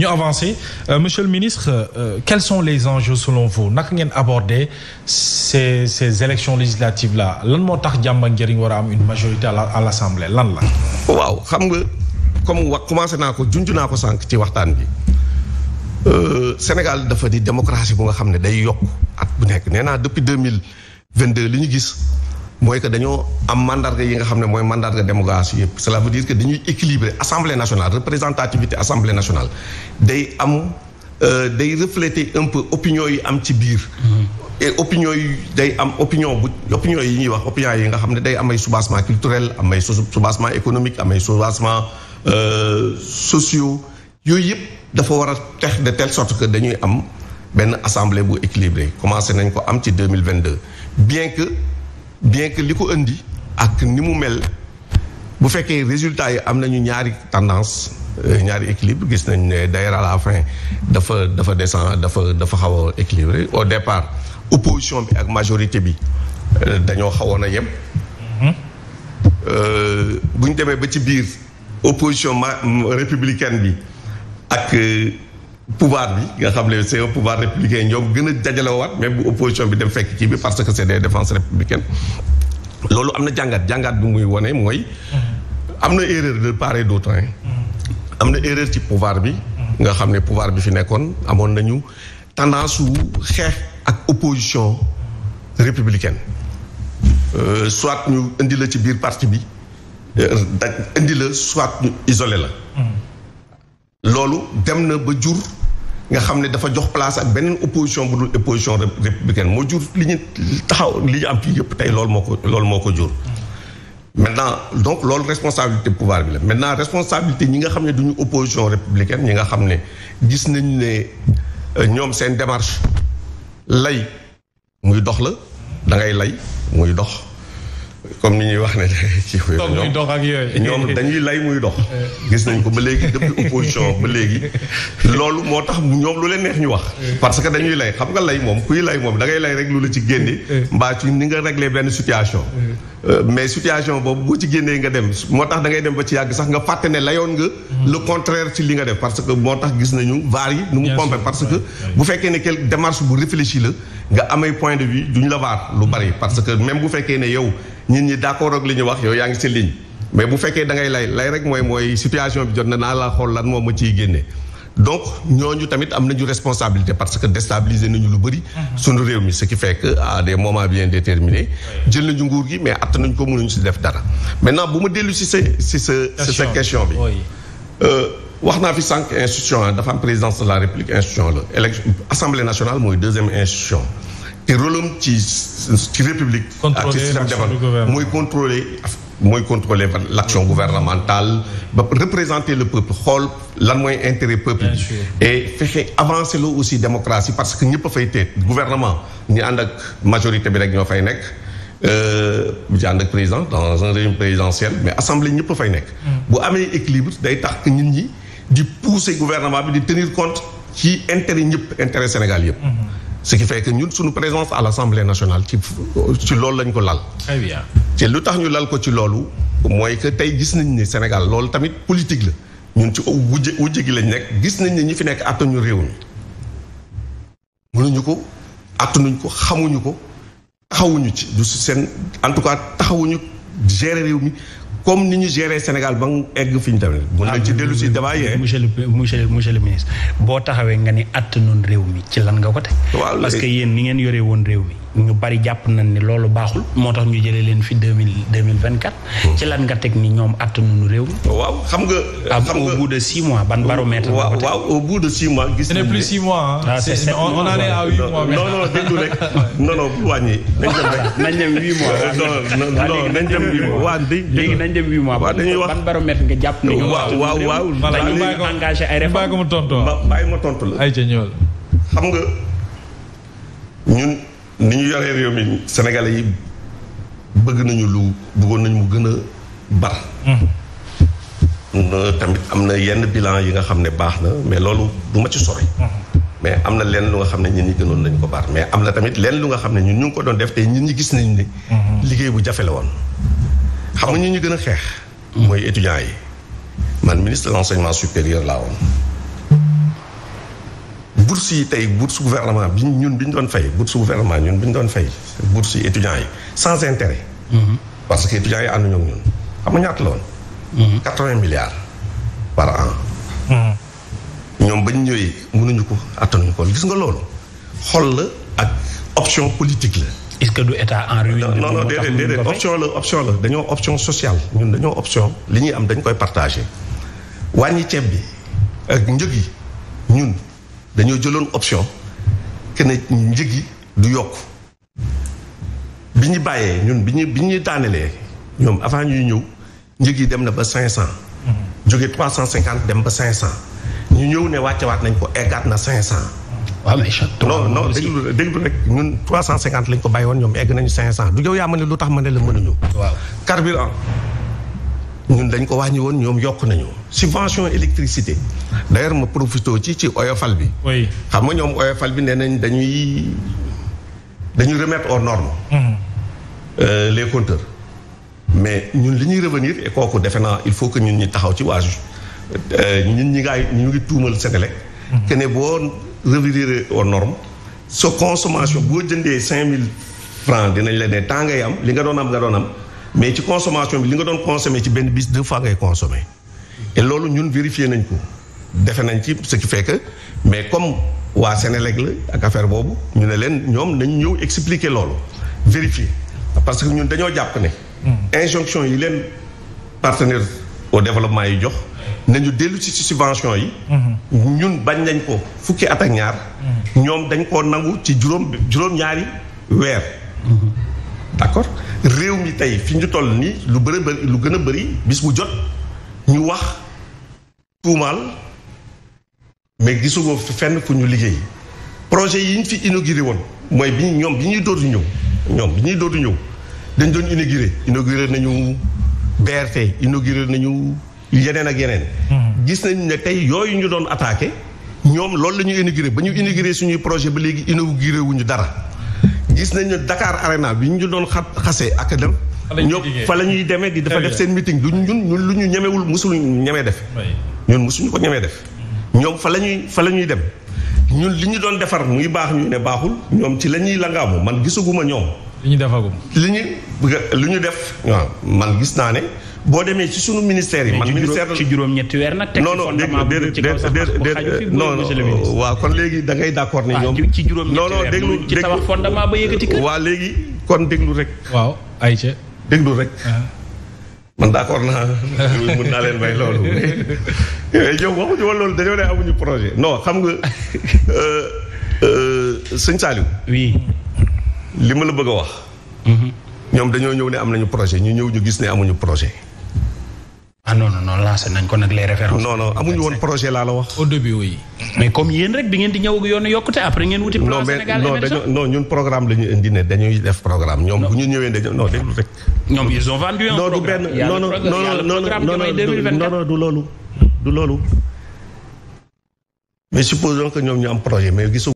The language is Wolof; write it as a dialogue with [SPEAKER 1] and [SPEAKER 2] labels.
[SPEAKER 1] ñu avancer euh, monsieur le ministre euh, quels sont les enjeux selon vous naka ngeen aborder ces ces élections législatives la lan moo tax jàmm ak njëriñ war a am une majorité à l'Assemblée lan la. waaw xam nga comme wax commencé naa ko junj naa ko sànq ci waxtaan bi euh, Sénégal dafa di démocratie bu nga xam ne day yokk ak bu nekk nee naa depuis deux mille vingt deux li ñu gis. mooy que dañoo am mandarga yi nga xam ne mooy mandarga démographie yëpp cela veut dire que dañuy équilibrer assemblée nationale représentativité assemblée nationale day am euh, day refléter un peu opinion yi am ci biir. Mm-hmm. et opinion yi day am opinion bu opinion yi ñuy wax opinion yi nga xam ne day am ay soubassement culturel am ay soubassement économique am ay soubassement euh, sociaux yooyu yëpp dafa war a tex de telle sorte que dañuy am benn assemblée bu équilibré commencé nañ ko am ci deux mille vingt deux bien que. bien que li ko indi ak ni mu mel bu fekkee résultat yi am nañu ñaari tendance euh, ñaari équilibre gis nañ ne d'ailleurs à la fin dafa dafa descend dafa dafa xaw a équilibré au départ opposition bi ak majorité bi euh, dañoo xawoon a yem mm-hmm. euh, bu demee ba ci biir opposition républicaine bi ak pouvoir bi nga xam ne c'est un républicain ñoom gën a dajalewaat même bu opposition bi dem fekk kii bi parce que c'est des défenses républicaines loolu am na jàngat jàngat bi muy wone mooy am na erreur de part et d'autre am na erreur ci pouvoir bi nga xam ne pouvoir bi fi nekkoon amoon nañu tendance su xeex ak opposition républicaine euh, soit ñu indi la ci biir parti bi euh, da indi la soit ñu isolé la mm. loolu dem na ba jur nga xam ne dafa jox place ak beneen opposition bu dul opposition républicaine moo jur li ñu taxaw li ñu am fii yëpp tey loolu moo ko loolu moo ko jur. maintenant donc loolu responsabilité pouvoir bi la maintenant responsabilité ñi nga xam ne duñu opposition républicaine ñi nga xam ne gis nañu ne euh, ñoom seen démarche lay muy dox la da ngay lay muy dox. comme ni ñuy wax ne ci ñoom dañuy lay muy dox gis nañ ko ba léegi depuis opposition ba léegi loolu moo tax ñoom lu leen neex ñu wax parce que dañuy lay xam nga lay moom kuy lay moom da ngay lay rek lu la ci génne mbaa yi ni nga réglé benn situation euh, mais situation boobu boo ci génnee nga dem moo tax dangay dem ba ci yàgg sax nga fàtte ne layoon nga le contraire ci li nga def parce que moo tax gis nañu vaar yi nu mu pompe parce que bu fekkee ne quelque démarche bu réfléchi la nga amay point de vue duñ la vaar lu bari parce que même bu fekkee ne yow nit ñi d'accord ak li ñu wax yow yaa ngi si ligne mais bu fekkee dangay lay lay rek mooy mooy situation bi jot na naa la xool lan moom ma ciy génnee donc ñooñu tamit am na nañu responsabilité parce que déstabiliser nañu lu bëri. Mhm. suñu réew mi ce qui fait que à des moments bien déterminés. jël nañu nguur gi mais att nañu ko mënuñu si def dara. maintenant bu ma dellu si sa si sa si sa question bi. Euh, wax naa fi cinq institution dafa am présidence de la république institution la. élection assemblée nationale mooy deuxième institution. te rôlam ci ci république ak ci système développement mooy contrôler mooy contrôler l' action gouvernementale ba représenter le peuple xool lan mooy intérêt peuple bi et fexe avancer loo aussi démocratie parce que ñëpp a fay teet gouvernement ñu ànd ak majorité bi rek ñoo fay nekk ñu euh, ànd ak président dans un régime présidentiel mais assemblée ñëpp a fay nekk hmm. bu amee équilibre day tax que nit ñi di pousser gouvernement bi di tenir compte ci intérêt ñëpp intérêt Sénégal yëpp hmm. ce qui fait que ñun suñu présence à l'Assemblée nationale ci ci loolu lañ ko lal. très bien te lu tax ñu lal ko ci loolu mooy que tey gis nañ ni Sénégal loolu tamit politique la ñun ci wujj wujj gi lañ nekk gis nañ ne ñi fi nekk attanuñu réew mi. mënuñu ko attanuñ ko xamuñu ko taxawuñu ci du seen en tout cas taxawuñu gérer réew mi comme ni ñu gérer Sénégal ba mu egg fi ñu tamit. mun nañ ci dellu si ah, débat yee. monsieur le monsieur monsieur le ministre boo taxawee nga ni àttanoon réew mi ci lan nga ko teg. parce que yéen ni ngeen yore woon réew mi. ñu bari jàpp nañ ni loolu baaxul moo tax ñu jëlee leen fi deux mille deux mille vingt quatre. Hmm. ci lan nga teg ni ñoom attanuñu réew mi. waaw xam nga. xam nga au bout de mois ban baromètre. waaw de six mois. gis nañ ne plus six mois ah. c'est c'est on est à huit léegi nañ dem huit mois. wax ban baromètre nga jàpp ne. waaw waaw waaw. engagé ay réformes bàyyi ko mu tontu ma tontu la. ayca xam nga ñun. ni ñu yoree réew mi Sénégalais yi bëgg nañu lu bëggoon nañu mu gën a bar. Hmm. tamit am na yenn bilan yi nga xam ne baax na mais loolu du ma ci sori. Hmm. mais am na leen lu nga xam ne ñun ñi gënoon nañu ko baar mais am na tamit lenn lu nga xam ne ñun ñu ngi ko doon def te ñu ñi gis nañ ne. Hmm. liggéey bu jafe la woon. xam nga oh. ñu ñu gën a xeex. mooy étudiants yi man ministre de l'enseignement supérieur laa woon. bourse yi tey bourse gouvernement bi ñun bi ñu doon fay bourse gouvernement ñun bi ñu doon fay bourse yi sans intérêt. Mhm. parce que étudiants yi ànduñu ak ñun xam nga ñaata la woon. Mhm. quatre-vingts milliards par an. Mhm. ñoom bañ ñëwee mënuñu ko attanuñu ko gis nga loolu xol la ak option politique la. est-ce que du état en ruine. non non déedéet déedéet option la option la dañoo option sociale ñun dañoo option li ñuy am dañ koy partagé wàññi ceeb bi ak njëg yi ñun. dañoo jëloon option que ne yi du yokk bi ñu bàyyee ñun bi ñu bi ñu daanelee ñoom avant ñuy ñëw njëg yi dem na ba cinq cent jóge trois cent cinquante dem ba cinq cent ñu ñëw ne wàcce waat nañ ko eggaat na cinq cent waaw mais non non déglu déglu rek ñun trois cent cinquante lañ ko bàyyi woon ñoom egg nañu cinq cent du yow yaa ma ne lu tax ma ne la mënuñu carburant ñun dañ ko wàññi woon ñoom yokk nañu subvention électricité d'ailleurs ma profité ci ci oyofal bi. oui xam nga ñoom oyofal bi nee nañ dañuy dañuy remettre norme normes. Mhm. Euh, les compteurs. mais ñun li ñuy revenir et kooku defe naa il faut que ñun ñu taxaw ci waa euh, ñun ñi ngaay ñu ngi tuumal Sénélec. Mhm. que ne boo revenir aux normes. sa consommation boo jëndee cinq mille francs dinañ la ne temps ngay am li nga doon am nga doon am. mais ci consommation bi li nga doon consommer ci benn bis deux fois ngay consommer et loolu ñun vérifier nañ ko defe nañ ci ce qui mais comme waa Sénélec la ak affaire boobu ñu ne leen ñoom nañ ñëw expliquer loolu vérifier parce que ñun dañoo jàpp ne hmm. injonction yi leen partenaire au développement yi jox nañu dellu ci subvention yi hmm. ñun bañ nañ ko fukki at ak ñaar hmm. ñoom dañ koo nangu ci juróom juróom-ñaari weer d'accord réew mi tey fi ñu toll nii lu bëri lu gën a bëri bis bu jot ñu wax tuumaal mais gisugoo fenn fu ñu liggéey projet yi ñu fi inauguré woon mooy bi ñoom bi ñuy dootu ñëw ñoom bi dootu ñëw dañ doon inauguré inauguré nañu BRT inauguré nañu yeneen ak yeneen hmm. gis nañ ne tey yooyu ñu doon attaqué ñoom loolu la ñu inauguré ba ñu inauguré suñuy projet ba léegi inauguré wuñu dara gis nañu dakaar Arena bi ñu doon xa xase ak dem. ñoo fa la ñuy demee di dafa def seen meeting du ñun ñun lu ñu ñemewul mosul ñemee def. ñun mosuñu ko ñemee def. ñoom fa la ñuy fa la ñuy dem ñun li ñu doon defar muy baax ñu ne baaxul ñoom ci la ñuy langaamu man gisaguma ñoom. li ñu defagum. li ñu li ñu def waaw man gis naa ne. boo demee ci sunu ministère yi. man ministère ci juróom-ñetti weer nag. teg ci fondement bu ci kaw sax non non waaw kon léegi dangay ngay d' accord ne ah, ñoom. ci juróom-ñetti weer déglu ci tabax fondement ba yëkkati kër. waaw léegi kon déglu rek. waaw ayca. déglu rek. Ah. man d' accord naa mun naa leen may loolu mais yow waxuñu woon dañoo ne amuñu projet non xam nga euh, euh, sëñ Saliou. li ma la bëgg a wax. Mhm. ñoom dañoo ñëw ne am nañu projet ñu ñëw ñu gis ne amuñu projet. ah non non non lancé nañ ko nag les références. non non amuñu woon projet laa la wax. mais comme yéen rek bi ngeen di ñëw yoonu yokkute après ngeen wuti. plan Sénégal non ñun programme la ñu dañuy def programme ñoom ñu ñëwee dañoo non non du loolu du loolu. mais supposons que ñoom ñu am projet mais gisu